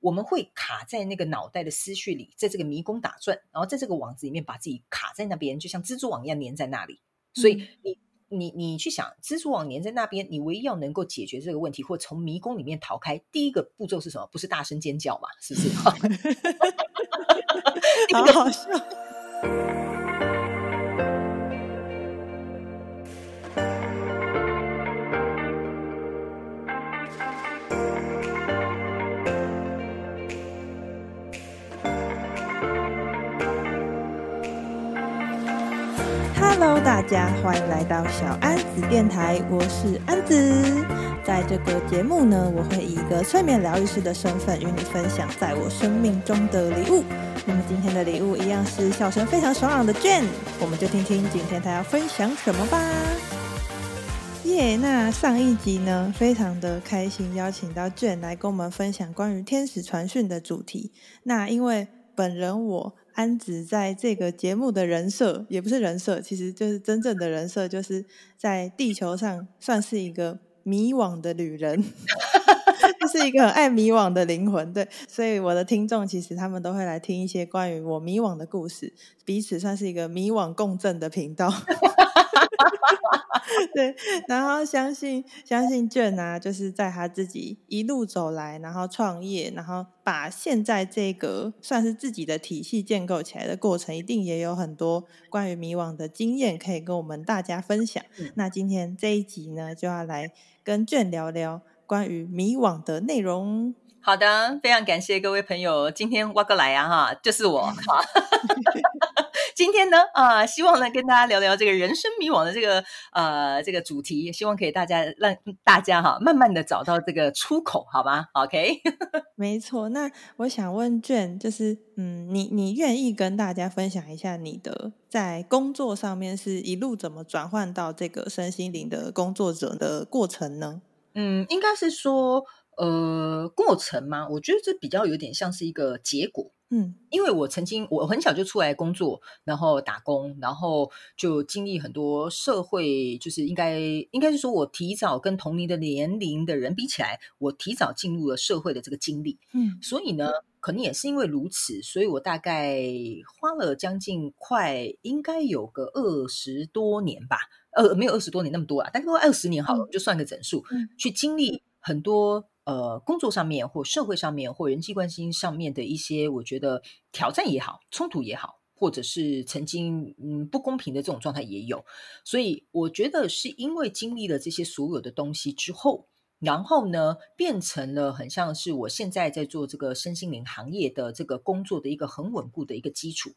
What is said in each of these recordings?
我們會卡在那個腦袋的思緒裡，在這個迷宮打轉，然後在這個網子裡面把自己卡在那邊，就像蜘蛛網一樣粘在那裡。所以你你你去想，蜘蛛網粘在那邊，你唯一要能夠解決這個問題或從迷宮裡面逃開，第一個步驟是什麼？不是大聲尖叫嗎？是不是？ 好好笑。 大家歡迎來到小安子電台，我是安子。在這個節目呢，我會以一個催眠療癒師的身份與你分享在我生命中的禮物。那麼今天的禮物一樣是笑聲非常爽朗的 Jhen，我們就聽聽今天他要分享什麼吧。耶、yeah！那上一集呢，非常的開心，邀請到 Jhen 來跟我們分享關於天使傳訊的主題。那因為本人我。安子在這個節目的人設，也不是人設，其實就是真正的人設，就是在地球上算是一個迷惘的旅人， 就是一個很愛迷惘的靈魂。對，所以我的聽眾其實他們都會來聽一些關於我迷惘的故事，彼此算是一個迷惘共振的頻道。 對，然後相信相信 Jhen 啊，就是在他自己一路走來，然後創業，然後把現在這個算是自己的體系建構起來的過程，一定也有很多關於迷惘的經驗可以跟我們大家分享。嗯、那今天這一集呢，就要來跟 Jhen 聊聊關於迷惘的內容。好的，非常感謝各位朋友今天挖過來啊，哈，就是我。 今天呢，啊、呃，希望呢跟大家聊聊這個人生迷惘的這個，呃，這個主題，也希望可以大家讓大家哈，慢慢的找到這個出口，好嗎？OK， 沒錯。那我想問卷，就是，嗯，你你願意跟大家分享一下你的在工作上面是一路怎麼轉換到這個身心靈的工作者的過程呢？嗯，應該是說。呃，過程嗎？我覺得這比較有點像是一個結果，嗯，因為我曾經我很小就出來工作，然後打工，然後就經歷很多社會，就是應該應該是說我提早跟同齡的年齡的人比起來，我提早進入了社會的這個經歷，嗯，所以呢，可能也是因為如此，所以我大概花了將近快應該有個二十多年吧，呃，沒有二十多年那麼多啊，大概二十年好了，嗯、就算個整數，嗯、去經歷很多。呃，工作上面或社會上面或人際關係上面的一些，我覺得挑戰也好，衝突也好，或者是曾經嗯不公平的這種狀態也有，所以我覺得是因為經歷了這些所有的東西之後，然後呢，變成了很像是我現在在做這個身心靈行業的這個工作的一個很穩固的一個基礎。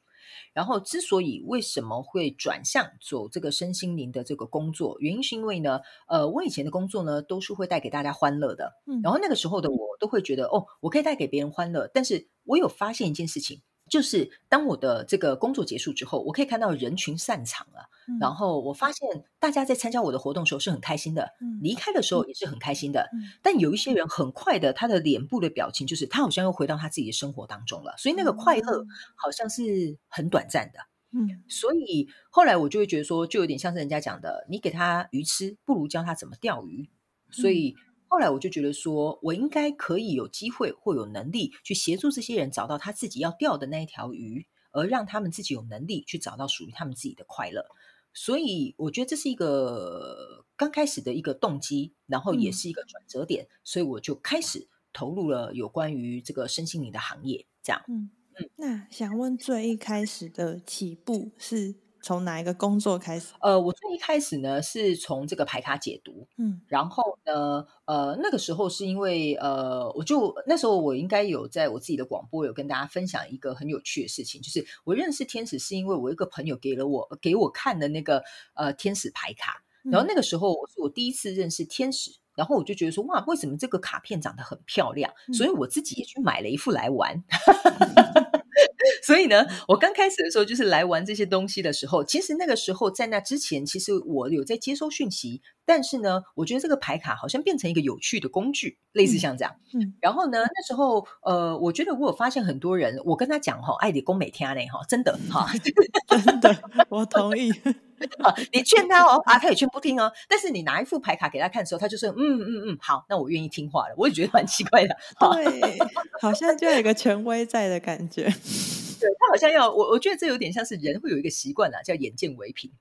然後，之所以為什麼會轉向走這個身心靈的這個工作，原因是因為呢，呃，我以前的工作呢都是會帶給大家歡樂的，然後那個時候的我都會覺得哦，我可以帶給別人歡樂，但是我有發現一件事情。就是當我的這個工作結束之後，我可以看到人群散場了，嗯、然後我發現大家在參加我的活動的時候是很開心的，嗯、離開的時候也是很開心的。嗯、但有一些人很快的，他的臉部的表情就是他好像又回到他自己的生活當中了，所以那個快樂好像是很短暫的。嗯、所以後來我就會覺得說，就有點像是人家講的，你給他魚吃，不如教他怎麼釣魚。所以、嗯。後來我就覺得說，我應該可以有機會或有能力去協助這些人找到他自己要釣的那一條魚，而讓他們自己有能力去找到屬於他們自己的快樂。所以我覺得這是一個剛開始的一個動機，然後也是一個轉折點，所以我就開始投入了有關於這個身心靈的行業。這樣，嗯嗯，那想問最一開始的起步是。從哪一個工作開始？呃，我最一開始呢，是從這個牌卡解讀。嗯，然後呢，呃，那個時候是因為呃，我就那時候我應該有在我自己的廣播有跟大家分享一個很有趣的事情，就是我認識天使是因為我一個朋友給了我給我看的那個呃天使牌卡，嗯，然後那個時候是我第一次認識天使，然後我就覺得說哇，為什麼這個卡片長得很漂亮？嗯，所以我自己也去買了一副來玩。 所以呢，我剛開始的時候就是來玩這些東西的時候，其實那個時候在那之前，其實我有在接收訊息。但是呢，我覺得這個牌卡好像變成一個有趣的工具，嗯、類似像這樣。嗯，然後呢，那時候呃，我覺得我有發現很多人，我跟他講哈，愛理公美天嘞哈，真的哈，真的，我同意好。你勸他哦， 啊，他也勸不聽哦。但是你拿一副牌卡給他看的時候，他就說嗯嗯嗯，好，那我願意聽話了。我也覺得蠻奇怪的，對，啊、好像就有一個權威在的感覺。對他好像要我，我覺得這有點像是人會有一個習慣啊，叫眼見為憑。哦、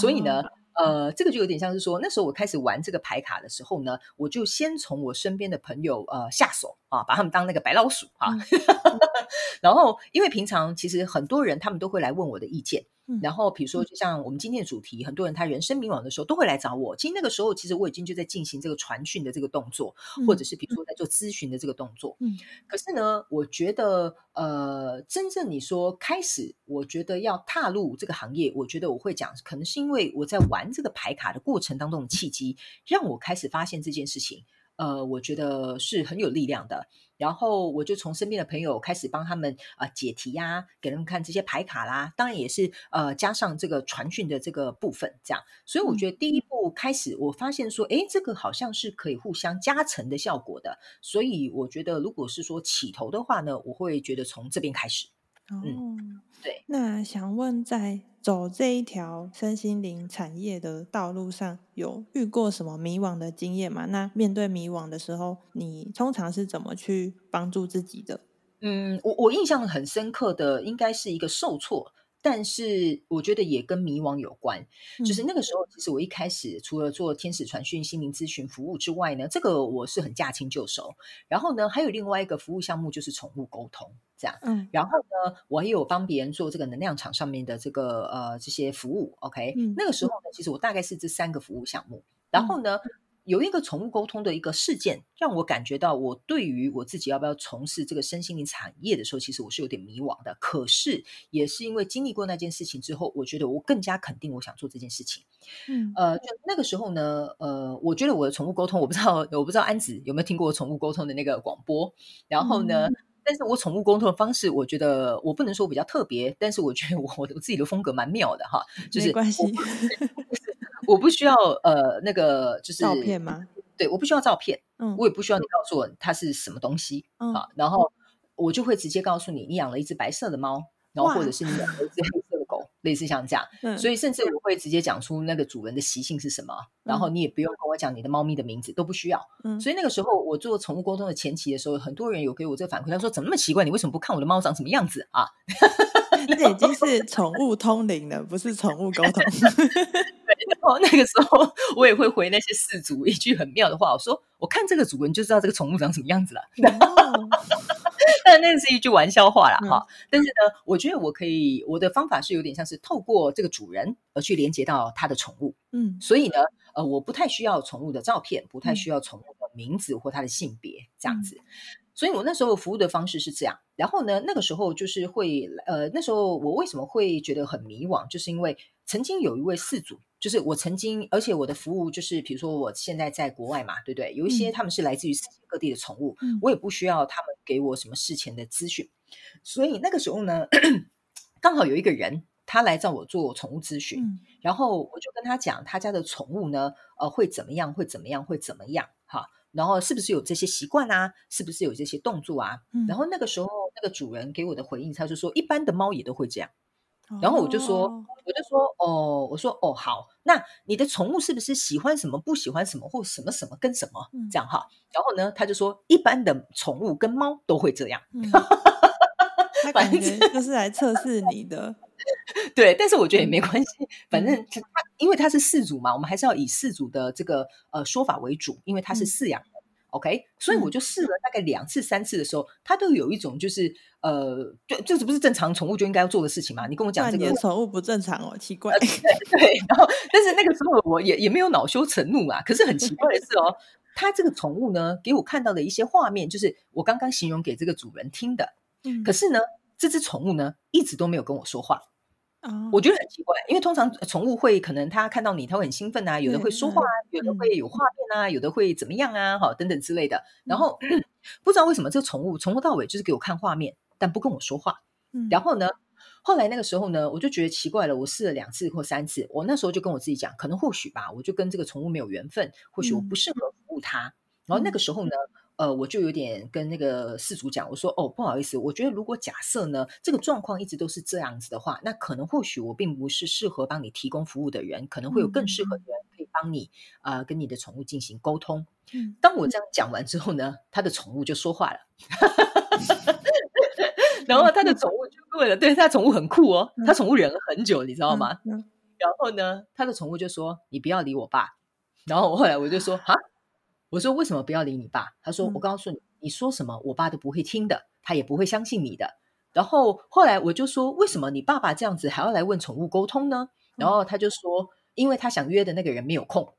所以呢。呃，這個就有點像是說，那時候我開始玩這個牌卡的時候呢，我就先從我身邊的朋友呃下手啊，把他們當那個白老鼠啊， 然後因為平常其實很多人他們都會來問我的意見。然後，比如說，就像我們今天的主題，嗯、很多人他人生迷惘的時候都會來找我。其實那個時候，其實我已經就在進行這個傳訊的這個動作，嗯、或者是比如說在做諮詢的這個動作。嗯，可是呢，我覺得，呃，真正你說開始，我覺得要踏入這個行業，我覺得我會講，可能是因為我在玩這個牌卡的過程當中的契機，讓我開始發現這件事情。呃，我覺得是很有力量的。然後我就從身邊的朋友開始幫他們啊、呃、解題呀、啊，給他們看這些牌卡啦，當然也是呃加上這個傳訊的這個部分，這樣。所以我覺得第一步開始，我發現說，哎、嗯，這個好像是可以互相加成的效果的。所以我覺得如果是說起頭的話呢，我會覺得從這邊開始。哦、嗯，對。那想問在。走這一條身心靈產業的道路上，有遇過什麼迷惘的經驗嗎？那面對迷惘的時候，你通常是怎麼去幫助自己的？嗯，我我印象很深刻的，應該是一個受挫，但是我覺得也跟迷惘有關，就是那個時候，其實我一開始除了做天使傳訊、心靈諮詢服務之外呢，這個我是很駕輕就熟。然後呢，還有另外一個服務項目就是寵物溝通，這樣。嗯。然後呢，我也有幫別人做這個能量場上面的這個呃這些服務，OK。那個時候呢，其實我大概是這三個服務項目。然後呢。嗯。有一個寵物溝通的一個事件，讓我感覺到我對於我自己要不要從事這個身心靈產業的時候，其實我是有點迷惘的。可是也是因為經歷過那件事情之後，我覺得我更加肯定我想做這件事情。嗯，呃，就那個時候呢，呃，我覺得我的寵物溝通，我不知道，我不知道安子有沒有聽過我寵物溝通的那個廣播。然後呢，嗯，但是我寵物溝通的方式，我覺得我不能說比較特別，但是我覺得我我自己的風格蠻妙的哈，就是。沒關係 我不需要呃，那個就是照片嗎？對，我不需要照片，嗯，我也不需要你告訴我它是什麼東西、嗯、啊。然後我就會直接告訴你，你養了一隻白色的貓，哇然後或者是你養了一隻黑色的狗，哇類似像這樣。嗯、所以甚至我會直接講出那個主人的習性是什麼，嗯、然後你也不用跟我講你的貓咪的名字，都不需要。嗯、所以那個時候我做寵物溝通的前期的時候，很多人有給我這個反饋，他說怎麼那麼奇怪？你為什麼不看我的貓長什麼樣子啊？那 已經是寵物通靈了，不是寵物溝通。 哦，那個時候我也會回那些飼主一句很妙的話，我說：“我看這個主人就知道這個寵物長什麼樣子了。嗯”但 那，那是一句玩笑話了哈。嗯、但是呢，我覺得我可以，我的方法是有點像是透過這個主人而去連接到他的寵物。嗯，所以呢，呃，我不太需要寵物的照片，不太需要寵物的名字或它的性別、嗯、這樣子。所以我那時候服務的方式是這樣。然後呢，那個時候就是會呃，那時候我為什麼會覺得很迷惘，就是因為曾經有一位飼主。就是我曾經，而且我的服務就是，比如說我現在在國外嘛，對不對？有一些他們是來自於世界各地的寵物，嗯、我也不需要他們給我什麼事前的諮詢。所以那個時候呢，剛好有一個人他來找我做寵物諮詢，嗯、然後我就跟他講他家的寵物呢，呃，會怎麼樣？會怎麼樣？會怎麼樣？哈，然後是不是有這些習慣啊？是不是有這些動作啊？嗯、然後那個時候那個主人給我的回應，他就說一般的貓也都會這樣。然後我就說，哦、我就說，哦，我說，哦，好，那你的寵物是不是喜歡什麼，不喜歡什麼，或什麼什麼跟什麼、嗯、這樣哈？然後呢，他就說，一般的寵物跟貓都會這樣。反正、嗯、就是來測試你的正 對，但是我覺得也沒關係，嗯、反正他因為他是飼主嘛，我們還是要以飼主的這個呃說法為主，因為他是飼養。嗯 OK，所以我就試了大概兩次三次的時候，嗯、它都有一種就是呃，就這這不是正常寵物就應該要做的事情嘛？你跟我講這個寵物不正常哦，奇怪。 對，對，然後但是那個時候我也 也沒有惱羞成怒嘛。可是很奇怪的是哦， 它這個寵物呢，給我看到的一些畫面，就是我剛剛形容給這個主人聽的，嗯，可是呢，這隻寵物呢，一直都沒有跟我說話。Oh. 我覺得很奇怪，因為通常寵物會可能它看到你，它會很興奮啊，有的會說話啊，對對對、有的會有畫面啊，嗯、有的會怎麼樣啊，好等等之類的。然後、嗯、不知道為什麼這個寵物從頭到尾就是給我看畫面，但不跟我說話。嗯、然後呢，後來那個時候呢，我就覺得奇怪了。我試了兩次或三次，我那時候就跟我自己講，可能或許吧，我就跟這個寵物沒有緣分，或許我不適合服務它。嗯、然後那個時候呢。嗯呃，我就有點跟那個事主講，我說哦，不好意思，我覺得如果假設呢，這個狀況一直都是這樣子的話，那可能或許我並不是適合幫你提供服務的人，可能會有更適合的人可以幫你啊、呃，跟你的寵物進行溝通。當我這樣講完之後呢，他的寵物就說話了， 然後他的寵物就對了，對，他的寵物很酷哦，他寵物忍了很久，你知道嗎？然後呢，他的寵物就說：“你不要理我爸。”然後我後來我就說：“啊。”我說：“為什麼不要理你爸？”他說：“我告訴你，嗯、你說什麼，我爸都不會聽的，他也不會相信你的。”然後後來我就說：“為什麼你爸爸這樣子還要來問寵物溝通呢？”然後他就說：“因為他想約的那個人沒有空。”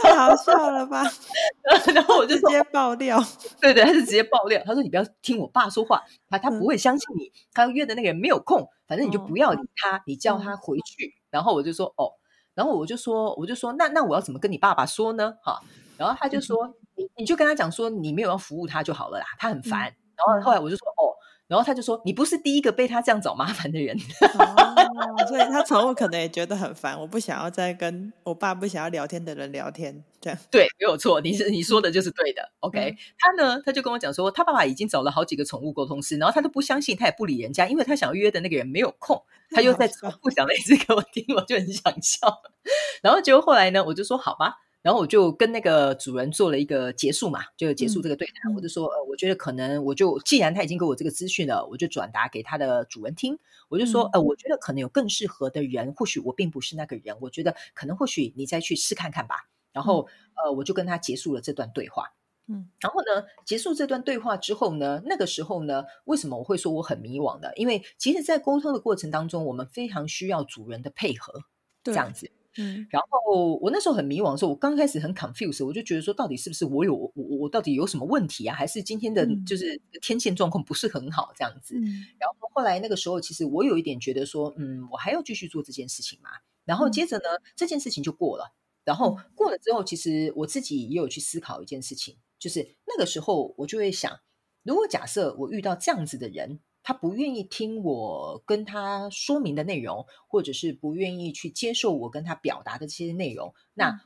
太好笑了吧！ 然後我就直接爆料，對對，他就直接爆料，他說：“你不要聽我爸說話，他他不會相信你，嗯、他約的那個人沒有空，反正你就不要理他，哦、你叫他回去。嗯”然後我就說：“哦。”然後我就說，我就說，那那我要怎麼跟你爸爸說呢？哈，然後他就說， 你你就跟他講說，你沒有要服務他就好了啦，他很煩。嗯，然後後來我就說，哦。然後他就說：“你不是第一個被他這樣找麻煩的人。” 哦，所以他寵物可能也覺得很煩， 我不想要再跟我爸不想要聊天的人聊天，這樣對，沒有錯，你是你說的就是對的。嗯、OK，他呢，他就跟我講說，他爸爸已經找了好幾個寵物溝通師，然後他都不相信，他也不理人家，因為他想要約的那個人沒有空，他又在重複講了一次給我聽，我就很想笑。 然後結果後來呢，我就說：“好吧。”然後我就跟那個主人做了一個結束嘛，就結束這個對談。我就、嗯、說，呃，我覺得可能我就既然他已經給我這個資訊了，我就轉達給他的主人聽。我就說，嗯、呃，我覺得可能有更適合的人，或許我並不是那個人。我覺得可能或許你再去試看看吧。然後，嗯、呃，我就跟他結束了這段對話。嗯，然後呢，結束這段對話之後呢，那個時候呢，為什麼我會說我很迷惘呢？因為其實，在溝通的過程當中，我們非常需要主人的配合，對這樣子。嗯，然後我那時候很迷惘的時候，我剛開始很 confused 我就覺得說，到底是不是我有我我到底有什麼問題啊？還是今天的就是天線狀況不是很好這樣子？嗯、然後後來那個時候，其實我有一點覺得說，嗯，我還要繼續做這件事情嘛？然後接着呢，嗯、這件事情就過了。然後過了之後，其實我自己也有去思考一件事情，就是那個時候我就會想，如果假設我遇到這樣子的人。他不願意聽我跟他說明的內容，或者是不願意去接受我跟他表達的這些內容。那、嗯、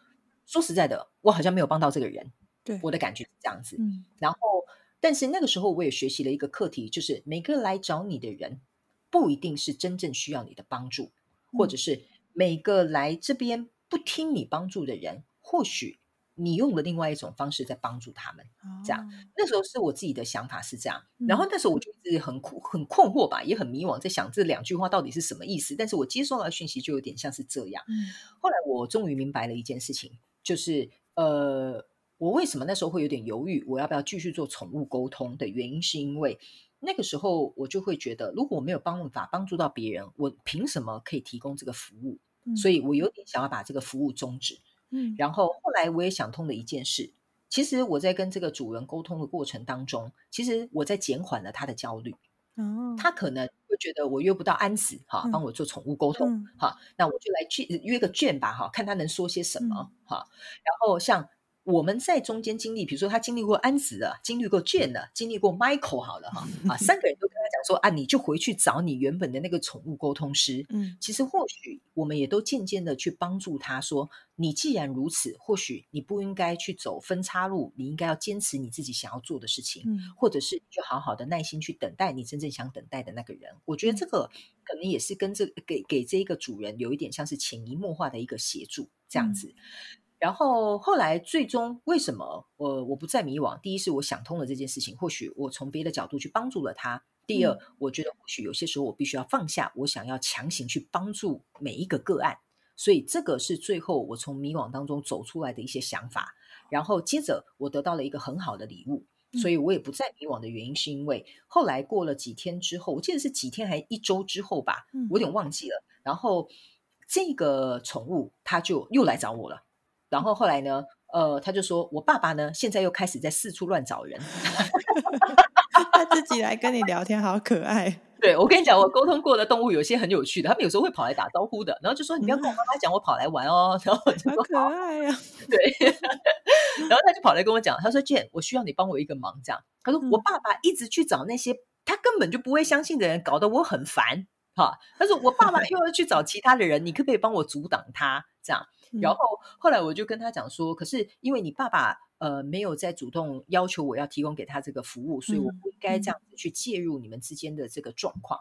說實在的，我好像沒有幫到這個人。對，我的感覺是這樣子。嗯，然後，但是那個時候我也學習了一個課題，就是每個來找你的人，不一定是真正需要你的幫助，嗯、或者是每個來這邊不聽你幫助的人，或許。你用了另外一種方式在幫助他們，這樣、哦、那時候是我自己的想法是這樣，嗯、然後那時候我就一直很困很困惑吧，也很迷惘，在想這兩句話到底是什麼意思。但是我接收到的訊息就有點像是這樣。嗯、後來我終於明白了一件事情，就是呃，我為什麼那時候會有點猶豫，我要不要繼續做寵物溝通的原因，是因為那個時候我就會覺得，如果我沒有辦法幫助到別人，我憑什麼可以提供這個服務？嗯、所以我有點想要把這個服務終止。嗯，然後後來我也想通了一件事，其實我在跟這個主人溝通的過程當中，其實我在減緩了他的焦慮。哦，他可能會覺得我約不到安子哈，嗯、幫我做寵物溝通哈、嗯，那我就來約約個 Jhen 吧哈，看他能說些什麼哈、嗯，然後像。我們在中間經歷，比如說他經歷過安子的，經歷過 Jhen 的，嗯、經歷過 Michael 好了哈 啊，三個人都跟他講說啊，你就回去找你原本的那個寵物溝通師。嗯，其實或許我們也都漸漸的去幫助他說，說你既然如此，或許你不應該去走分叉路，你應該要堅持你自己想要做的事情，嗯、或者是去好好的耐心去等待你真正想等待的那個人。我覺得這個可能也是跟這個、給給這一個主人有一點像是潛移默化的一個協助這樣子。嗯然後後來最終為什麼呃我，我不再迷惘？第一是我想通了這件事情，或許我從別的角度去幫助了他。第二，我覺得或許有些時候我必須要放下，我想要強行去幫助每一個個案。所以這個是最後我從迷惘當中走出來的一些想法。然後接着我得到了一個很好的禮物，所以我也不再迷惘的原因是因為後來過了幾天之後，我記得是幾天還一周之後吧，我有點忘記了。然後這個寵物他就又來找我了。然後後來呢？呃，他就說我爸爸呢，現在又開始在四處亂找人。 他自己來跟你聊天，好可愛。對，我跟你講，我溝通過的動物有些很有趣的，他們有時候會跑來打招呼的。然後就說：“你不要跟我媽媽講，我跑來玩哦。” 然後我就說：“嗯、可愛呀、啊。”對。 然後他就跑來跟我講，他說：“Jhen，我需要你幫我一個忙，這樣。”他說：“嗯、我爸爸一直去找那些他根本就不會相信的人，搞得我很煩。哈，他說我爸爸又要去找其他的人， 你可不可以幫我阻擋他？這樣。”然後後來我就跟他講說，可是因為你爸爸呃沒有在主動要求我要提供給他這個服務，所以我不應該這樣子去介入你們之間的這個狀況。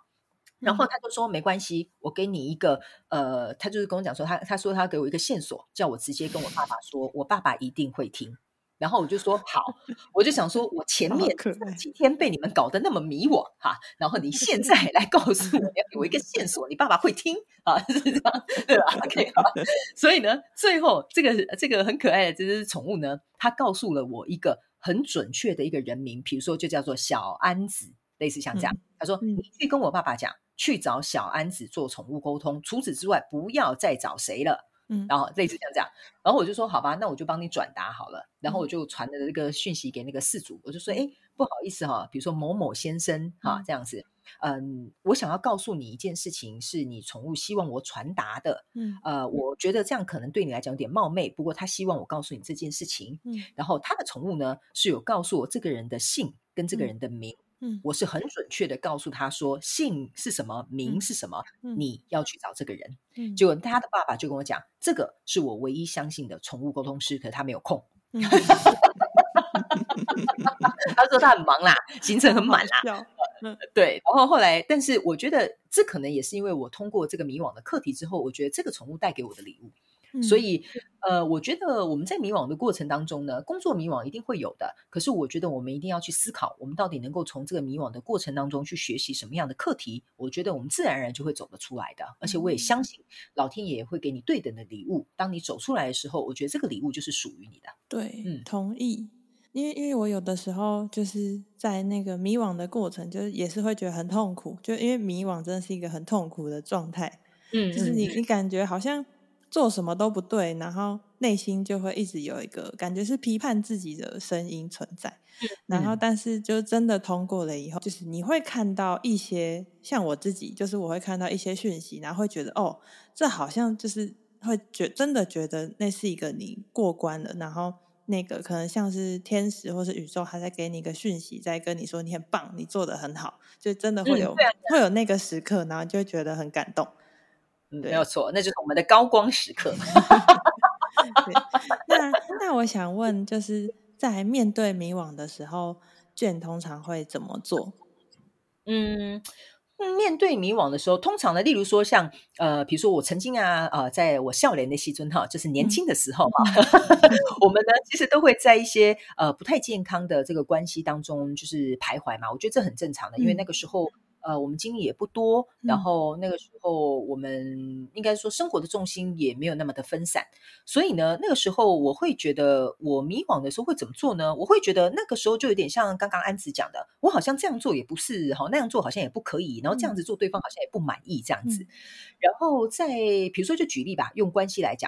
然後他就說，沒關係，我給你一個呃，他就是跟我講說他他說他給我一個線索，叫我直接跟我爸爸說，我爸爸一定會聽。 然後我就說好， 好，我就想說，我前面七天被你們搞得那麼迷惘哈、啊，然後你現在來告訴我， 你要有一個線索，你爸爸會聽啊是，對吧？可以、okay，好。 所以呢，最後這個這個很可愛的這隻寵物呢，它告訴了我一個很準確的一個人名，比如說就叫做小安子，類似像這樣。他、嗯、說，嗯、你去跟我爸爸講，去找小安子做寵物溝通，除此之外不要再找誰了。嗯、然後類似像這樣，然後我就說好吧，那我就幫你轉達好了。然後我就傳了這個訊息給那個事主，嗯、我就說哎、欸，不好意思哈，比如說某某先生哈、嗯啊，這樣子，嗯，我想要告訴你一件事情，是你寵物希望我傳達的。嗯，呃，我覺得這樣可能對你來講有點冒昧，不過他希望我告訴你這件事情。嗯，然後他的寵物呢是有告訴我這個人的姓跟這個人的名。嗯嗯、我是很準確的告訴他說，姓是什麼，嗯、名是什麼，嗯、你要去找這個人。結果、嗯、他的爸爸就跟我講，這個是我唯一相信的寵物溝通師，可是他沒有空。他說他很忙啦，行程很滿啦、嗯呃。對，然後後來，但是我覺得這可能也是因為我通過這個迷惘的課題之後，我覺得這個寵物帶給我的禮物。所以，嗯、呃，我覺得我們在迷惘的過程當中呢，工作迷惘一定會有的。可是，我覺得我們一定要去思考，我們到底能夠從這個迷惘的過程當中去學習什麼樣的課題。我覺得我們自然而然就會走得出來的。而且，我也相信老天爺也會給你對等的禮物。當你走出來的時候，我覺得這個禮物就是屬於你的。對，嗯，同意。因為，因為我有的時候就是在那個迷惘的過程，就是也是會覺得很痛苦。就因為迷惘真的是一個很痛苦的狀態。嗯，就是你，嗯、你感覺好像。做什麼都不對，然後內心就會一直有一個感覺是批判自己的聲音存在。嗯、然後，但是就真的通過了以後，就是你會看到一些像我自己，就是我會看到一些訊息，然後會覺得哦，這好像就是會覺真的覺得那是一個你過關了，然後那個可能像是天使或是宇宙，還在給你一個訊息，在跟你說你很棒，你做的很好，就真的會有、嗯啊、會有那個時刻，然後就會覺得很感動。嗯、沒有錯，那就是我們的高光時刻。 那那我想問，就是在面對迷惘的時候，Jhen 通常會怎麼做？嗯，面對迷惘的時候，通常呢，例如說像呃，比如說我曾經啊、呃、在我少年的時陣哈，就是年輕的時候嘛，嗯、 我們呢其實都會在一些呃不太健康的這個關係當中就是徘徊嘛。我覺得這很正常的，因為那個時候。嗯呃，我們經歷也不多，嗯、然後那個時候我們應該說生活的重心也沒有那麼的分散，所以呢，那個時候我會覺得我迷惘的時候會怎麼做呢？我會覺得那個時候就有點像剛剛安子講的，我好像這樣做也不是哈、哦，那樣做好像也不可以，然後這樣子做對方好像也不滿意這樣子。嗯、然後在比如說就舉例吧，用關係來講，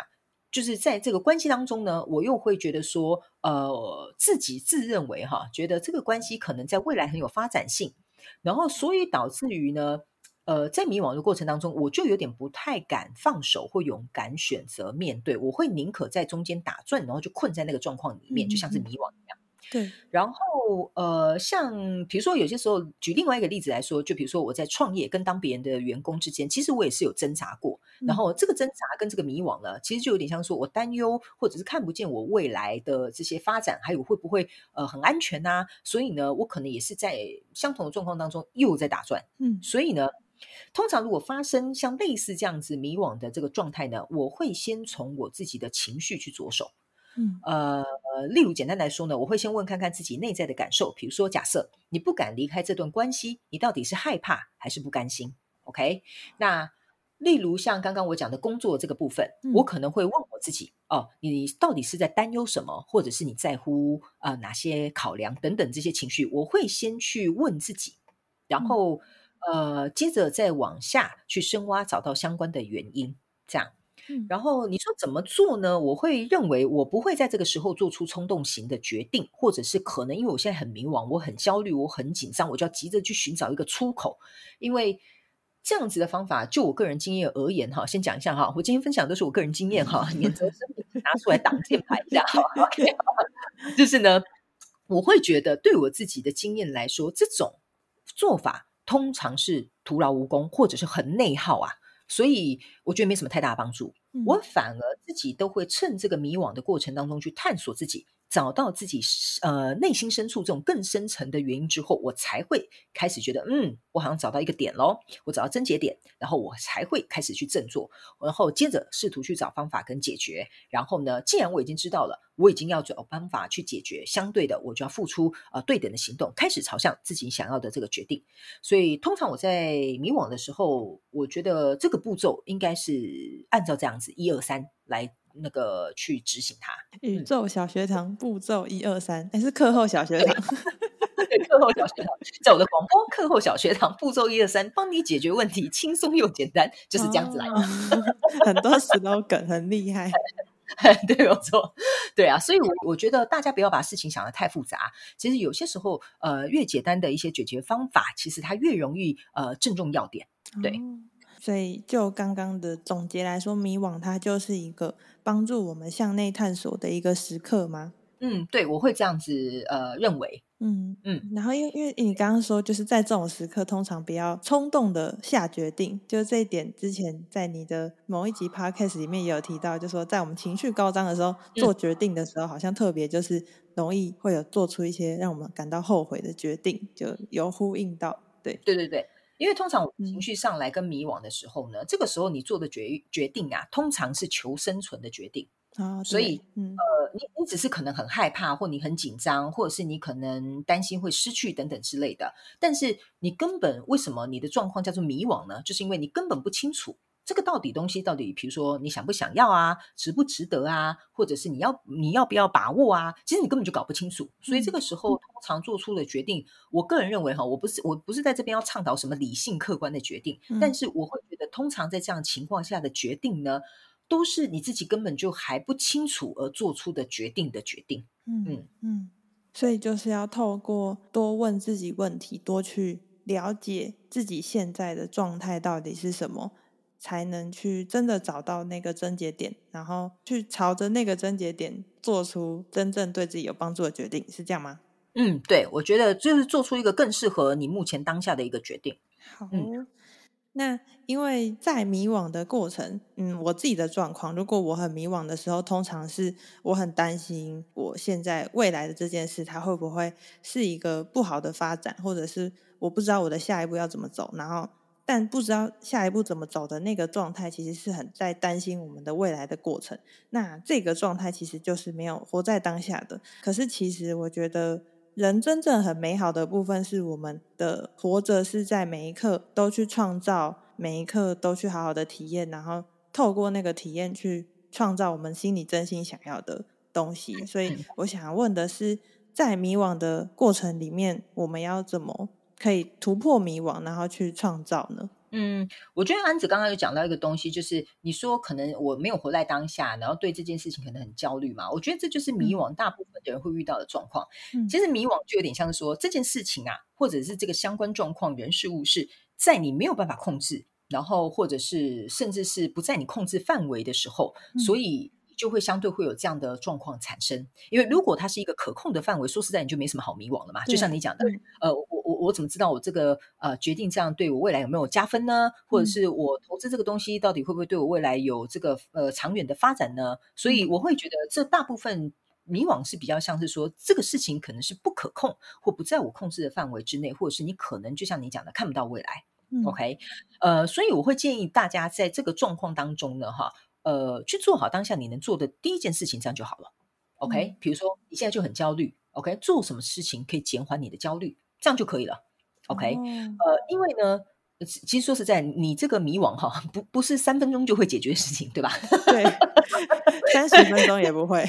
就是在這個關係當中呢，我又會覺得說，呃，自己自認為哈、哦，覺得這個關係可能在未來很有發展性。然後，所以導致於呢，呃，在迷惘的過程當中，我就有點不太敢放手或勇敢選擇面對，我會寧可在中間打轉，然後就困在那個狀況裡面，就像是迷惘。嗯對，然後呃，像比如說有些時候，舉另外一個例子來說，就比如說我在創業跟當別人的員工之間，其實我也是有掙扎過。然後這個掙扎跟這個迷惘呢，其實就有點像說我擔憂，或者是看不見我未來的這些發展，還有會不會呃很安全吶啊？所以呢，我可能也是在相同的狀況當中又在打轉。嗯，所以呢，通常如果發生像類似這樣子迷惘的這個狀態呢，我會先從我自己的情緒去着手。嗯，呃，例如簡單來說呢，我會先問看看自己內在的感受，比如說假設你不敢離開這段關係，你到底是害怕還是不甘心？OK？那例如像剛剛我講的工作這個部分，嗯、我可能會問我自己哦、呃，你到底是在擔憂什麼，或者是你在乎呃哪些考量等等這些情緒，我會先去問自己，然後、嗯、呃接着再往下去深挖，找到相關的原因，這樣。嗯，然後你說怎麼做呢？我會認為我不會在這個時候做出衝動型的決定，或者是可能因為我現在很迷惘，我很焦慮，我很緊張，我就要急着去尋找一個出口。因為這樣子的方法，就我個人經驗而言，哈，先講一下哈，我今天分享的都是我個人經驗哈， 你就是拿出來擋箭牌一下，OK，就是呢，我會覺得對我自己的經驗來說，這種做法通常是徒勞無功，或者是很內耗啊。所以我覺得沒什麼太大的幫助，嗯、我反而自己都會趁這個迷惘的過程當中去探索自己。找到自己呃內心深處這種更深層的原因之後，我才會開始覺得，嗯，我好像找到一個點咯，我找到症結點，然後我才會開始去振作，然後接着試圖去找方法跟解決。然後呢，既然我已經知道了，我已經要找方法去解決，相對的，我就要付出呃對等的行動，開始朝向自己想要的這個決定。所以，通常我在迷惘的時候，我覺得這個步驟應該是按照這樣子一二三來。那個去執行它。宇宙小學堂步驟一二三，還、嗯、是課後小學堂對？ 課後小學堂，在我的廣播 課後小學堂步驟一二三，幫你解決問題，輕鬆又簡單，就是這樣子來的。啊、 很多 slogan 很厲害， 對不？有錯。對啊，所以我，我我覺得大家不要把事情想得太複雜。其實有些時候，呃，越簡單的一些解決方法，其實它越容易呃正中要點。對。嗯所以，就剛剛的總結來說，迷惘它就是一個幫助我們向內探索的一個時刻嗎？嗯，對，我會這樣子呃認為。嗯嗯。嗯然後，因為因為你剛剛說，就是在這種時刻，通常比較衝動的下決定，就這一點，之前在你的某一集 Podcast 裡面也有提到，就說在我們情緒高漲的時候做決定的時候，嗯、好像特別就是容易會有做出一些讓我們感到後悔的決定，就有呼應到。對對對對。因為通常情緒上來跟迷惘的時候呢，嗯、這個時候你做的決決定啊，通常是求生存的決定，哦嗯、所以呃，你你只是可能很害怕，或你很緊張，或者是你可能擔心會失去等等之類的。但是你根本，為什麼你的狀況叫做迷惘呢？就是因為你根本不清楚。這個到底東西到底，比如說你想不想要啊？值不值得啊？或者是你要你要不要把握啊？其實你根本就搞不清楚。所以這個時候通常做出的決定，嗯、我個人認為哈，我不是我不是在這邊要倡導什麼理性客觀的決定，嗯、但是我會覺得，通常在這樣情況下的決定呢，都是你自己根本就還不清楚而做出的決定的決定。嗯嗯嗯，所以就是要透過多問自己問題，多去了解自己現在的狀態到底是什麼。才能去真的找到那個症結點，然後去朝着那個症結點做出真正對自己有幫助的決定，是這樣嗎？嗯，對，我覺得就是做出一個更適合你目前當下的一個決定。好哦，嗯，那因為在迷惘的過程，嗯，我自己的狀況，如果我很迷惘的時候，通常是我很擔心我現在未來的這件事，它會不會是一個不好的發展，或者是我不知道我的下一步要怎麼走，然後。但不知道下一步怎麼走的那個狀態，其實是很在擔心我們的未來的過程。那這個狀態其實就是沒有活在當下的。可是，其實我覺得人真正很美好的部分是，我們的活着是在每一刻都去創造，每一刻都去好好的體驗，然後透過那個體驗去創造我們心裡真心想要的東西。所以，我想要問的是，在迷惘的過程裡面，我們要怎麼？可以突破迷惘，然後去創造呢？嗯，我覺得安子剛剛有講到一個東西，就是你說可能我沒有活在當下，然後對這件事情可能很焦慮嘛。我覺得這就是迷惘，大部分的人會遇到的狀況。嗯、其實迷惘就有點像是說這件事情啊，或者是這個相關狀況人事物是在你沒有辦法控制，然後或者是甚至是不在你控制範圍的時候，嗯、所以。就會相對會有這樣的狀況產生，因為如果它是一個可控的範圍，說實在，你就沒什麼好迷惘了嘛。就像你講的，呃，我我我怎麼知道我這個呃決定這樣對我未來有沒有加分呢？或者是我投資這個東西到底會不會對我未來有這個呃長遠的發展呢？所以我會覺得這大部分迷惘是比較像是說這個事情可能是不可控，或不在我控制的範圍之內，或者是你可能就像你講的看不到未來。OK，呃，所以我會建議大家在這個狀況當中呢。哈。呃，去做好當下你能做的第一件事情，這樣就好了。嗯、OK，比如說你現在就很焦慮，OK，做什麼事情可以減緩你的焦慮，這樣就可以了。嗯、OK，呃，因為呢，其實說實在，你這個迷惘哈，不不是三分鐘就會解決的事情，對吧？對，三十 分鐘也不會，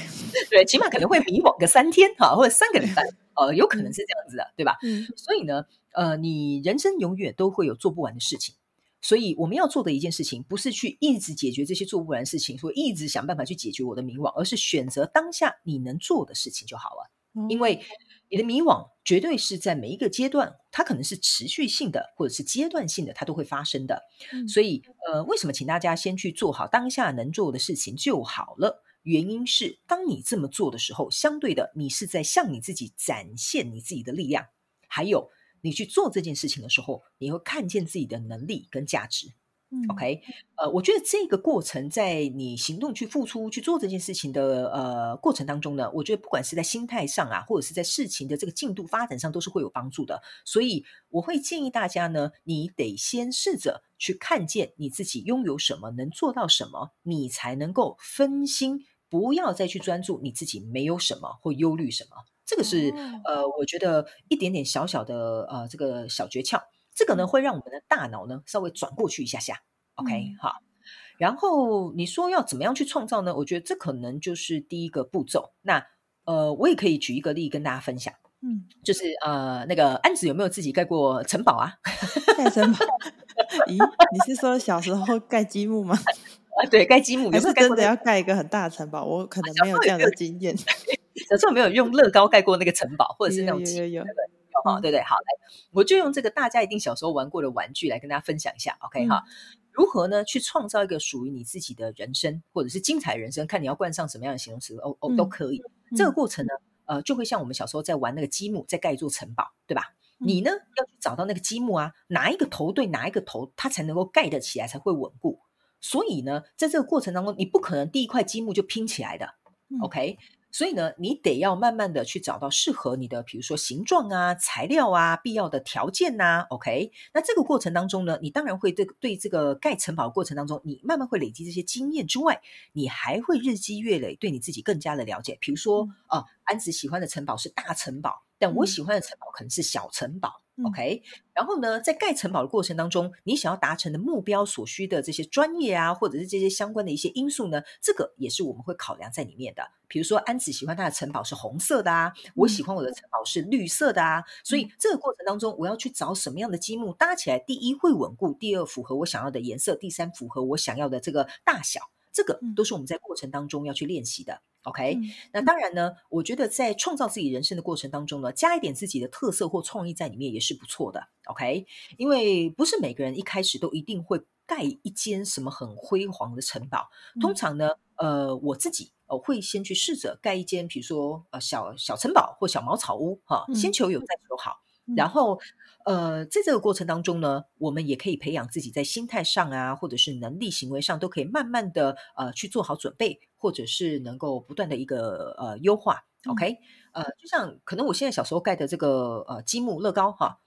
對，起碼可能會迷惘個三天哈，或者三個禮拜，呃，有可能是這樣子的，對吧？嗯、所以呢，呃，你人生永遠都會有做不完的事情。所以我們要做的一件事情，不是去一直解決這些做不完的事情，所以一直想辦法去解決我的迷惘，而是選擇當下你能做的事情就好了。因為你的迷惘絕對是在每一個階段，它可能是持續性的，或者是階段性的，它都會發生的。所以，呃，為什麼請大家先去做好當下能做的事情就好了？原因是，當你這麼做的時候，相對的，你是在向你自己展現你自己的力量，還有。你去做這件事情的時候，你會看見自己的能力跟價值。嗯，OK，呃，我覺得這個過程在你行動去付出、去做這件事情的呃過程當中呢，我覺得不管是在心態上啊，或者是在事情的這個進度發展上，都是會有幫助的。所以我會建議大家呢，你得先試着去看見你自己擁有什麼，能做到什麼，你才能夠分心，不要再去專注你自己沒有什麼或憂慮什麼。這個是哇呃，我覺得一點點小小的呃，這個小訣竅，這個呢會讓我們的大腦呢稍微轉過去一下下，嗯，OK 好。然後你說要怎麼樣去創造呢？我覺得這可能就是第一個步驟。那呃，我也可以舉一個例跟大家分享，嗯，就是呃，那個安子有沒有自己蓋過城堡啊？蓋城堡？ 咦，你是說小時候蓋積木嗎？ 啊，對，蓋積木也是真的要蓋、那個、蓋一個很大的城堡，我可能沒有這樣的經驗。啊、小、時小時候沒有用樂高蓋過那個城堡， 或者是那種積有對對，好來，我就用這個大家一定小時候玩過的玩具來跟大家分享一下，OK 哈、嗯？如何呢？去創造一個屬於你自己的人生，或者是精彩的人生，看你要冠上什麼樣的形容詞，嗯、哦哦都可以。嗯、這個過程呢，呃，就會像我們小時候在玩那個積木，在蓋一座城堡，對吧？嗯、你呢要去找到那個積木啊，哪一個頭對哪一個頭，它才能夠蓋得起來，才會穩固。所以呢，在這個過程當中，你不可能第一塊積木就拼起來的，嗯、OK？所以呢，你得要慢慢的去找到適合你的，比如說形狀啊、材料啊、必要的條件吶、啊、OK？那這個過程當中呢，你當然會對對這個蓋城堡的過程當中，你慢慢會累積這些經驗之外，你還會日積月累對你自己更加的了解，比如說啊、嗯呃，安子喜歡的城堡是大城堡。我喜歡的城堡可能是小城堡，嗯，OK。然後呢，在蓋城堡的過程當中，你想要達成的目標所需的這些專業啊，或者是這些相關的一些因素呢，這個也是我們會考量在裡面的。比如說，安子喜歡他的城堡是紅色的啊，嗯，我喜歡我的城堡是綠色的啊。所以這個過程當中，我要去找什麼樣的積木搭起來，第一會穩固，第二符合我想要的顏色，第三符合我想要的這個大小。這個都是我們在過程當中要去練習的，OK。那當然呢，嗯、我覺得在創造自己人生的過程當中呢，加一點自己的特色或創意在裡面也是不錯的，OK。因為不是每個人一開始都一定會蓋一間什麼很輝煌的城堡。通常呢，嗯、呃，我自己哦會、呃、先去試着蓋一間，比如說呃小小城堡或小茅草屋哈，先、啊、求有再求好。嗯嗯然後，呃，在這個過程當中呢，我們也可以培養自己在心態上啊，或者是能力、行為上，都可以慢慢的呃去做好準備，或者是能夠不斷的一個呃優化。OK，嗯，呃，就像可能我現在小時候蓋的這個呃積木樂高哈，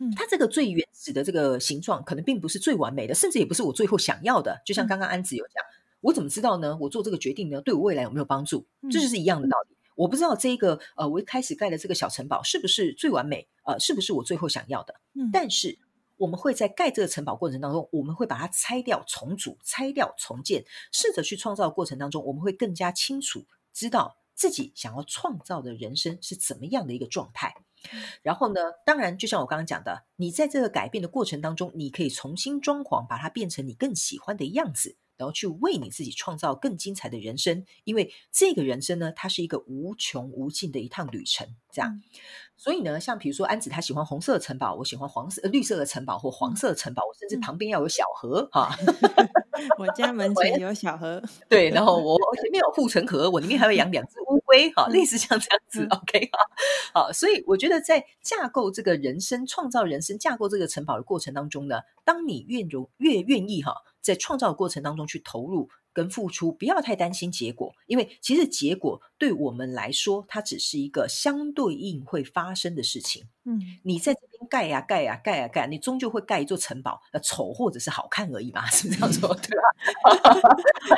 嗯，它這個最原始的這個形狀可能並不是最完美的，甚至也不是我最後想要的。就像剛剛安子有講，嗯，我怎麼知道呢？我做這個決定呢，對我未來有沒有幫助？這，嗯，就是一樣的道理。嗯我不知道這個呃，我一開始蓋的這個小城堡是不是最完美？呃，是不是我最後想要的？嗯。但是我們會在蓋這個城堡過程當中，我們會把它拆掉、重組、拆掉、重建，試着去創造的過程當中，我們會更加清楚知道自己想要創造的人生是怎麼樣的一個狀態。然後呢，當然就像我剛剛講的，你在這個改變的過程當中，你可以重新裝潢，把它變成你更喜歡的樣子。然後去為你自己創造更精彩的人生，因為這個人生呢，它是一個無窮無盡的一趟旅程，這樣。嗯、所以呢，像比如說安子他喜歡紅色的城堡，我喜歡黃色、綠色的城堡或黃色的城堡，嗯、我甚至旁邊要有小河哈。我家門前有小河。 對，然後我，我前面有護城河，我裡面還會養兩隻烏。 好哈，類似像這樣子，嗯嗯，OK 哈，好，所以我覺得在架構這個人生、創造人生、架構這個城堡的過程當中呢，當你越容越願意哈，在創造的過程當中去投入跟付出，不要太擔心結果，因為其實結果對我們來說，它只是一個相對應會發生的事情。嗯，你在。蓋呀蓋呀蓋呀蓋！你終究會蓋一座城堡，那醜或者是好看而已嘛，是不是這樣說對吧？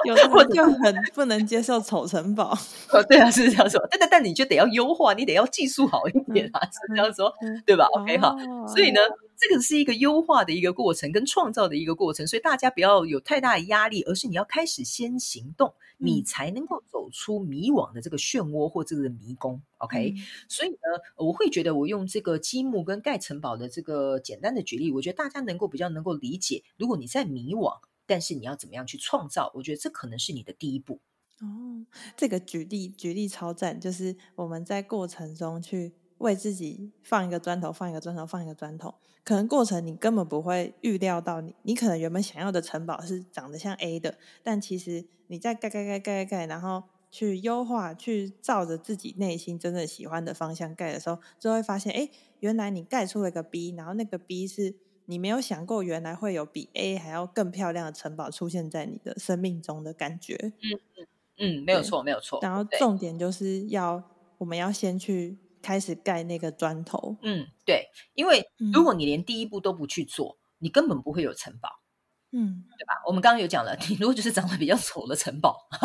有時候就很不能接受醜城堡， oh, 對啊，是這樣說。但但但你就得要優化，你得要技術好一點啊，是這樣說對吧？OK 哈，所以呢，這個是一個優化的一個過程，跟創造的一個過程，所以大家不要有太大的壓力，而是你要開始先行動。你才能夠走出迷惘的這個漩渦或這個迷宮，OK？嗯，所以呢，我會覺得我用這個積木跟蓋城堡的這個簡單的舉例，我覺得大家能夠比較能夠理解。如果你在迷惘，但是你要怎麼樣去創造？我覺得這可能是你的第一步。哦，這個舉例舉例超讚，就是我們在過程中去為自己放一個磚頭，放一個磚頭，放一個磚頭。可能過程你根本不會預料到你、你你可能原本想要的城堡是長得像 A 的。但其實你在蓋蓋蓋蓋蓋蓋，然後去優化、去照着自己內心真正喜歡的方向蓋的時候，就會發現，哎、欸，原來你蓋出了一個 B，然後那個 B 是你沒有想過，原來會有比 A 還要更漂亮的城堡出現在你的生命中的感覺。嗯嗯嗯，沒有錯，沒有錯。然後重點就是要，對我們要先去。開始蓋那個磚頭，嗯，對，因為如果你連第一步都不去做，嗯、你根本不會有城堡，嗯，對吧？我們剛剛有講了，你如果就是長得比較醜的城堡，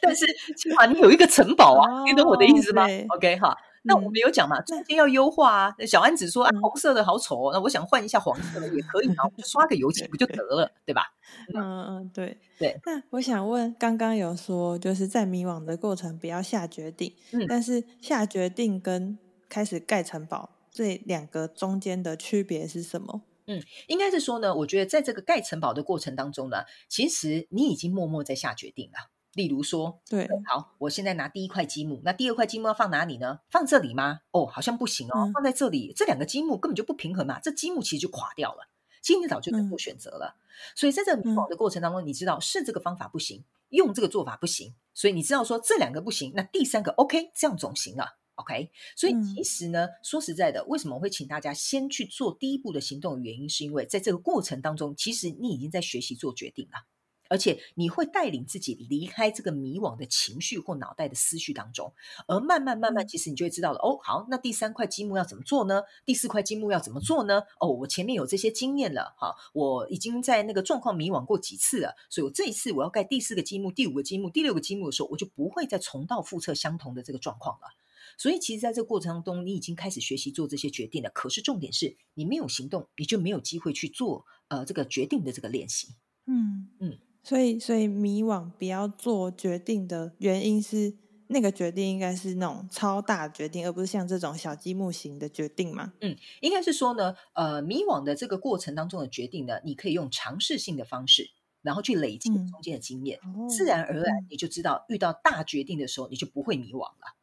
但是起碼 你有一個城堡啊，你 懂我的意思嗎？哦、對？OK，huh? 那我們有講嘛，中間要優化啊。小安子說啊，紅色的好醜，哦，那我想換一下黃色的也可以嘛， 就刷個油漆不就得了， 對吧？嗯嗯、呃，對對。那我想問，剛剛有說就是在迷惘的過程不要下決定，嗯、但是下決定跟開始蓋城堡這兩個中間的區別是什麼？嗯，應該是說呢，我覺得在這個蓋城堡的過程當中呢，其實你已經默默在下決定了。例如說，對，好，我現在拿第一塊積木，那第二塊積木要放哪裡呢？放這裡嗎？哦，好像不行哦，嗯、放在這裡，這兩個積木根本就不平衡嘛，這積木其實就垮掉了。其實你早就能夠選擇了，嗯、所以在這跑的過程當中，嗯、你知道是這個方法不行，用這個做法不行，所以你知道說這兩個不行，那第三個 OK，這樣總行了，OK。所以其實呢，嗯、說實在的，為什麼我會請大家先去做第一步的行動的原因，是因為在這個過程當中，其實你已經在學習做決定了。而且你會帶領自己離開這個迷惘的情緒或腦袋的思緒當中，而慢慢慢慢，其實你就會知道了。哦，好，那第三塊積木要怎麼做呢？第四塊積木要怎麼做呢？哦，我前面有這些經驗了，哈，我已經在那個狀況迷惘過幾次了，所以我這一次我要蓋第四個積木、第五個積木、第六個積木的時候，我就不會再重蹈覆轍相同的這個狀況了。所以，其實在這個過程當中，你已經開始學習做這些決定了。可是重點是你沒有行動，你就沒有機會去做呃這個決定的這個練習。嗯嗯。所以，所以迷惘不要做決定的原因是，那個決定應該是那種超大決定，而不是像這種小積木型的決定嘛？嗯，應該是說呢，呃，迷惘的這個過程當中的決定呢，你可以用嘗試性的方式，然後去累積中間的經驗，嗯哦、自然而然你就知道，遇到大決定的時候，你就不會迷惘了。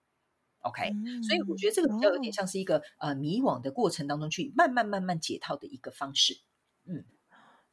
OK，、嗯、所以我覺得這個比較有點像是一個、哦、呃迷惘的過程當中去慢慢慢慢解套的一個方式。嗯，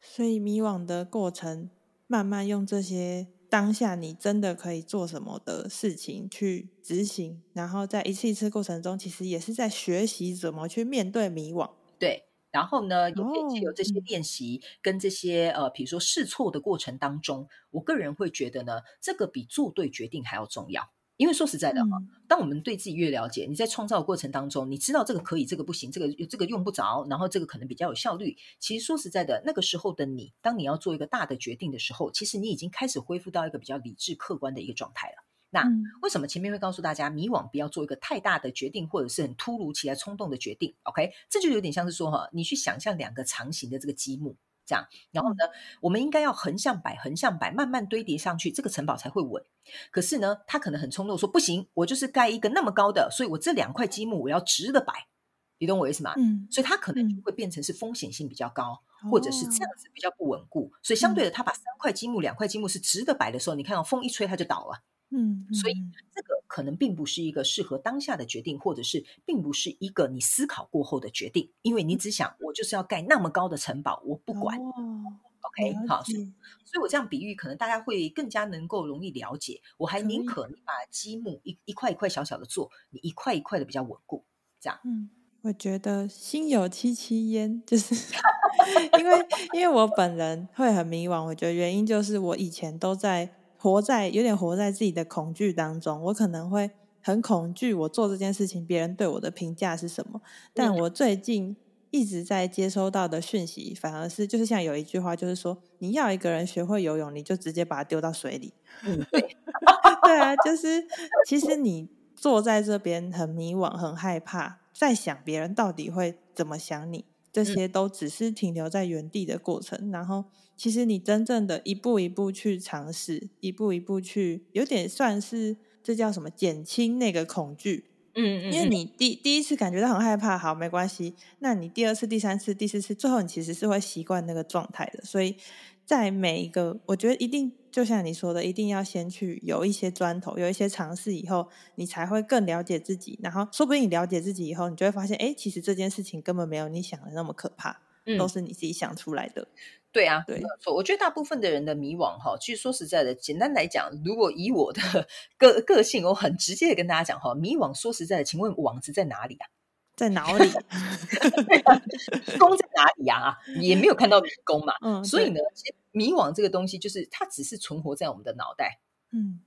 所以迷惘的過程。嗯慢慢用這些當下你真的可以做什麼的事情去執行，然後在一次一次過程中，其實也是在學習怎麼去面對迷惘。對，然後呢，也可以借由這些練習跟這些呃，比如說試錯的過程當中，我個人會覺得呢，這個比做對決定還要重要。因為說實在的哈，嗯、當我們對自己越了解，你在創造過程當中，你知道這個可以，這個不行，這個這個用不着，然後這個可能比較有效率。其實說實在的，那個時候的你，當你要做一個大的決定的時候，其實你已經開始恢復到一個比較理智、客觀的一個狀態了。嗯、那為什麼前面會告訴大家，迷惘不要做一個太大的決定，或者是很突如其來、衝動的決定？OK，這就有點像是說哈，你去想象兩個長形的這個積木。這樣，然後呢，嗯、我們應該要橫向擺，橫向擺，慢慢堆疊上去，這個城堡才會穩。可是呢，他可能很衝動說，不行，我就是蓋一個那麼高的，所以我這兩塊積木我要直的擺，你懂我意思嗎？嗯，所以他可能就會變成是風險性比較高，嗯、或者是這樣子比較不穩固。所以相對的，他把三塊積木、兩塊積木是直的擺的時候，嗯、你看到，哦、風一吹，它就倒了。嗯， 所以這個可能並不是一個適合當下的決定，或者是並不是一個你思考過後的決定，因為你只想我就是要蓋那麼高的城堡，我不管。哦，OK，好，嗯、所以，所以我這樣比喻，可能大家會更加能夠容易了解。我還寧可你把積木一一塊一塊小小的做，你一塊一塊的比較穩固。這樣，嗯，我覺得心有戚戚焉，就是 因為因為我本人會很迷惘。我覺得原因就是我以前都在。活在有點活在自己的恐懼當中，我可能會很恐懼，我做這件事情別人對我的評價是什麼？但我最近一直在接收到的訊息，反而是就是像有一句話，就是說你要一個人學會游泳，你就直接把它丟到水裡。嗯、 對啊，就是其實你坐在這邊很迷惘、很害怕，在想別人到底會怎麼想你，這些都只是停留在原地的過程，嗯、然後其實你真正的一步一步去嘗試，一步一步去，有點算是這叫什麼？減輕那個恐懼，嗯，嗯，嗯，因為你第第一次感覺到很害怕，好，沒關係，那你第二次、第三次、第四次，最後你其實是會習慣那個狀態的，所以。在每一個，我覺得一定就像你說的，一定要先去有一些磚頭，有一些嘗試以後，你才會更了解自己。然後說不定你了解自己以後，你就會發現，哎，其實這件事情根本沒有你想的那麼可怕，嗯、都是你自己想出來的。對啊，對，沒錯。我覺得大部分的人的迷惘，哈，其實說實在的，簡單來講，如果以我的個個性，我很直接的跟大家講，哈，迷惘，說實在的，請問網子在哪裡啊？在哪裡？迷 宮 在哪裡呀、啊？也沒有看到迷宮嘛。嗯、所以呢，迷惘這個東西，就是它只是存活在我們的腦袋。嗯、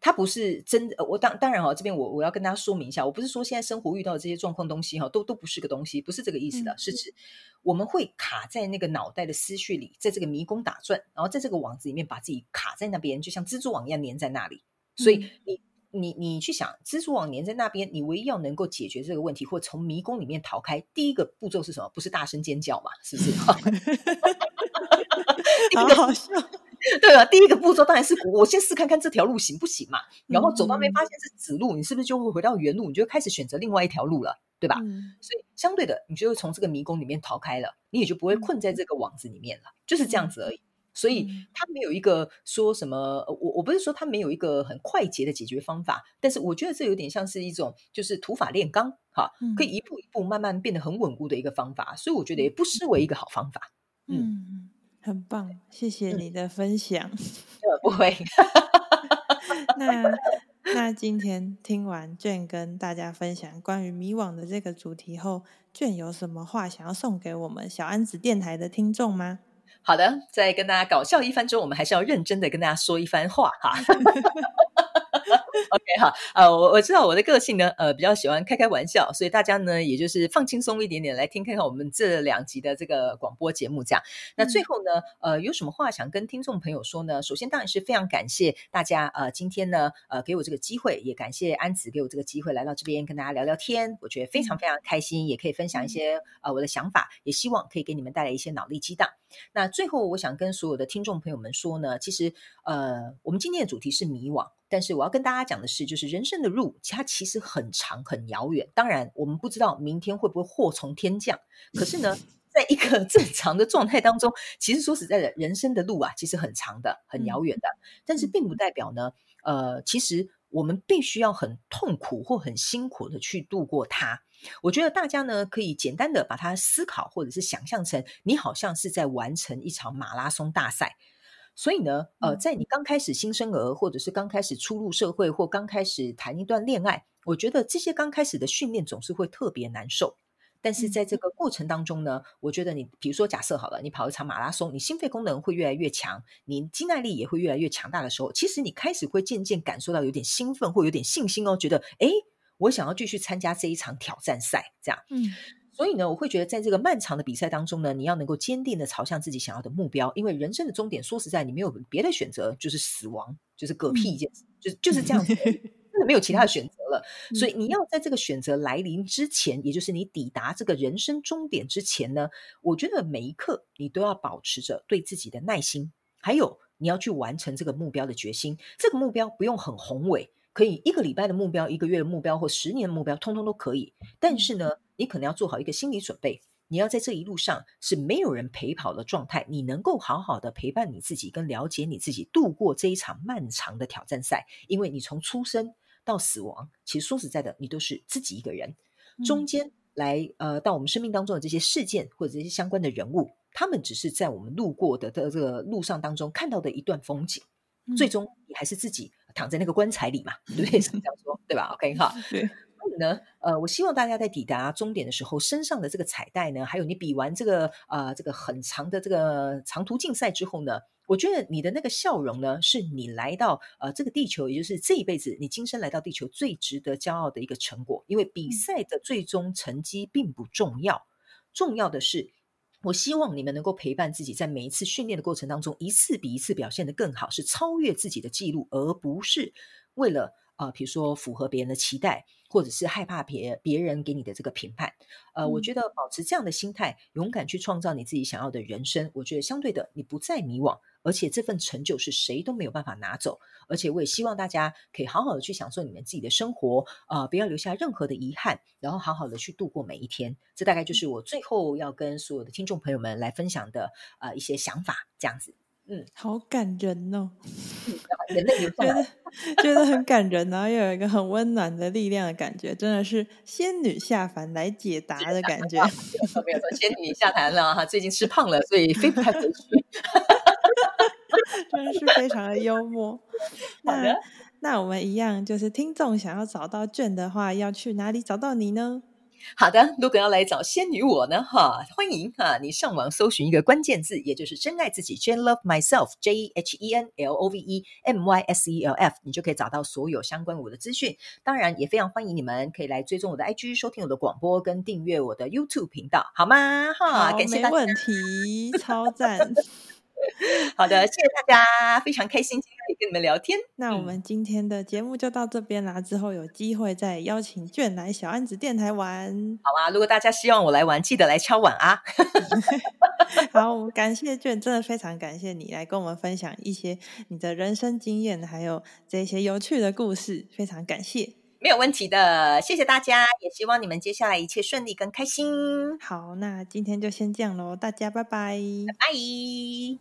它不是真的。我當當然、哦、這邊我我要跟大家說明一下，我不是說現在生活遇到的這些狀況東西哈、哦，都都不是個東西，不是這個意思的，嗯、是指我們會卡在那個腦袋的思緒裡，在這個迷宮打轉，然後在這個網子裡面把自己卡在那邊，就像蜘蛛網一樣粘在那裡。嗯、所以你。你你去想，蜘蛛網黏在那邊，你唯一要能夠解決這個問題或從迷宮裡面逃開，第一個步驟是什麼？不是大聲尖叫嘛？是不是？第一個好笑， 對吧？第一個步驟當然是我先試看看這條路行不行嘛，嗯、然後走到沒發現是死路，你是不是就會回到原路？你就開始選擇另外一條路了，對吧？嗯、所以相對的，你就會從這個迷宮裡面逃開了，你也就不會困在這個網子裡面了，就是這樣子而已。嗯所以他沒有一個說什麼，我我不是說他沒有一個很快捷的解決方法，但是我覺得這有點像是一種就是土法煉鋼，哈、嗯啊，可以一步一步慢慢變得很穩固的一個方法，所以我覺得也不失為一個好方法。嗯，嗯很棒，對謝謝你的分享。嗯、 不會。 那那今天聽完 Jhen 跟大家分享關於迷惘的這個主題後，Jhen 有什麼話想要送給我們小安子電台的聽眾嗎？好的，在跟大家搞笑一番之後，我們還是要認真的跟大家說一番話哈。 OK，好，呃、啊，我我知道我的個性呢，呃，比較喜歡開開玩笑，所以大家呢，也就是放輕鬆一點點來聽，看看我們這兩集的這個廣播節目這樣。那最後呢，嗯、呃，有什麼話想跟聽眾朋友說呢？首先當然是非常感謝大家，呃，今天呢，呃，給我這個機會，也感謝安子給我這個機會來到這邊跟大家聊聊天，我覺得非常非常開心，也可以分享一些、嗯、呃我的想法，也希望可以給你們帶來一些腦力激盪。那最後我想跟所有的聽眾朋友們說呢，其實呃，我們今天的主題是迷惘。但是我要跟大家講的是，就是人生的路，它其實很長、很遙遠。當然，我們不知道明天會不會禍從天降。可是呢， 在一個正常的狀態當中，其實說實在的，人生的路啊，其實很長的、很遙遠的。但是，並不代表呢，呃，其實我們必須要很痛苦或很辛苦的去度過它。我覺得大家呢，可以簡單的把它思考或者是想象成，你好像是在完成一場馬拉松大賽。所以呢，呃，在你剛開始新生兒，嗯、或者是剛開始初入社會，或剛開始談一段戀愛，我覺得這些剛開始的訓練總是會特別難受。但是在這個過程當中呢，我覺得你，比如說假設好了，你跑一場馬拉松，你心肺功能會越來越強，你肌耐力也會越來越強大的時候，其實你開始會漸漸感受到有點興奮或有點信心哦，覺得哎，我想要繼續參加這一場挑戰賽，這樣，嗯。所以呢，我會覺得，在這個漫長的比賽當中呢，你要能夠堅定的朝向自己想要的目標，因為人生的終點，說實在，你沒有別的選擇，就是死亡，就是嗝屁，一件事，嗯、就是就是這樣子， 真的沒有其他的選擇了。所以，你要在這個選擇來臨之前，也就是你抵達這個人生終點之前呢，我覺得每一刻你都要保持着對自己的耐心，還有你要去完成這個目標的決心。這個目標不用很宏偉。可以一個禮拜的目標，一個月的目標，或十年的目標，通通都可以。但是呢，你可能要做好一個心理準備，你要在這一路上是沒有人陪跑的狀態，你能夠好好的陪伴你自己，跟了解你自己，度過這一場漫長的挑戰賽。因為你從出生到死亡，其實說實在的，你都是自己一個人。中間來呃，到我們生命當中的這些事件或者這些相關的人物，他們只是在我們路過的的這個路上當中看到的一段風景。嗯、最終，你還是自己。躺在那個棺材裡嘛，對不對？這麼講說，對吧？OK 哈對，所以呢，呃，我希望大家在抵達終點的時候，身上的這個彩帶呢，還有你比完這個呃這個很長的這個長途競賽之後呢，我覺得你的那個笑容呢，是你來到呃這個地球，也就是這一輩子你今生來到地球最值得驕傲的一個成果。因為比賽的最終成績並不重要，重要的是。我希望你們能夠陪伴自己，在每一次訓練的過程當中，一次比一次表現得更好，是超越自己的記錄，而不是為了啊、呃，比如說符合別人的期待，或者是害怕別別人給你的這個評判。呃，我覺得保持這樣的心態，勇敢去創造你自己想要的人生，我覺得相對的，你不再迷惘。而且這份成就是誰都沒有辦法拿走，而且我也希望大家可以好好的去享受你們自己的生活，啊、呃，不要留下任何的遺憾，然後好好的去度過每一天。這大概就是我最後要跟所有的聽眾朋友們來分享的，呃、一些想法。這樣子，嗯，好感人哦，眼淚也出來，覺得很感人， 然後又有一個很溫暖的力量的感覺，真的是仙女下凡來解答的感覺。沒有說仙女下凡了哈，最近吃胖了，所以飛不太回去。 真的是非常的幽默。 那好的那我們一樣，就是聽眾想要找到 Jhen 的話，要去哪裡找到你呢？好的，如果要來找仙女我呢，哈，歡迎哈，你上網搜尋一個關鍵字，也就是珍愛自己，Jhen love myself，J H E N L O V E M Y S E L F，你就可以找到所有相關我的資訊。當然，也非常歡迎你們可以來追蹤我的 IG，收聽我的廣播，跟訂閱我的 YouTube 頻道，好嗎？哈，感謝大家，沒問題，超讚。 好的，謝謝大家，非常開心今天可以跟你們聊天。那我們今天的節目就到這邊啦，嗯、之後有機會再邀請 Jhen 來小安子電台玩，好啊，如果大家希望我來玩，記得來敲碗啊！ 好，我感謝 Jhen，真的非常感謝你來跟我們分享一些你的人生經驗，還有這些有趣的故事，非常感謝。沒有問題的，謝謝大家，也希望你們接下來一切順利跟開心。好，那今天就先這樣嘍，大家拜拜，拜拜。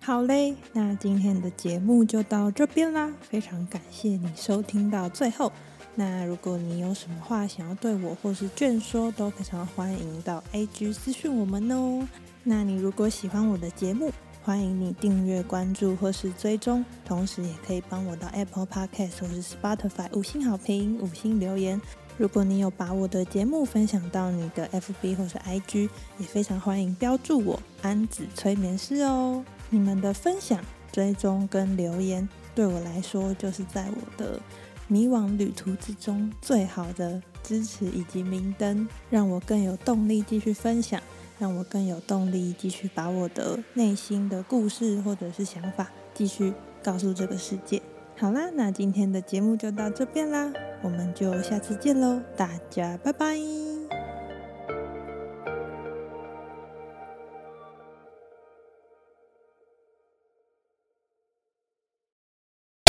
好嘞，那今天的節目就到這邊啦，非常感謝你收聽到最後。那如果你有什麼話想要對我或是 Jhen 說，都非常歡迎到 IG 私訊我們哦。那你如果喜歡我的節目，歡迎你訂閱、關注或是追蹤，同時也可以幫我到 Apple Podcast 或是 Spotify 五星好評、五星留言。如果你有把我的節目分享到你的 FB 或是 IG，也非常歡迎標註我安子催眠師哦。你們的分享、追蹤跟留言，對我來說就是在我的迷惘旅途之中最好的支持以及明燈，讓我更有動力繼續分享。讓我更有動力，繼續把我的內心的故事或者是想法，繼續告訴這個世界。好啦，那今天的節目就到這邊啦，我們就下次見嘍，大家拜拜。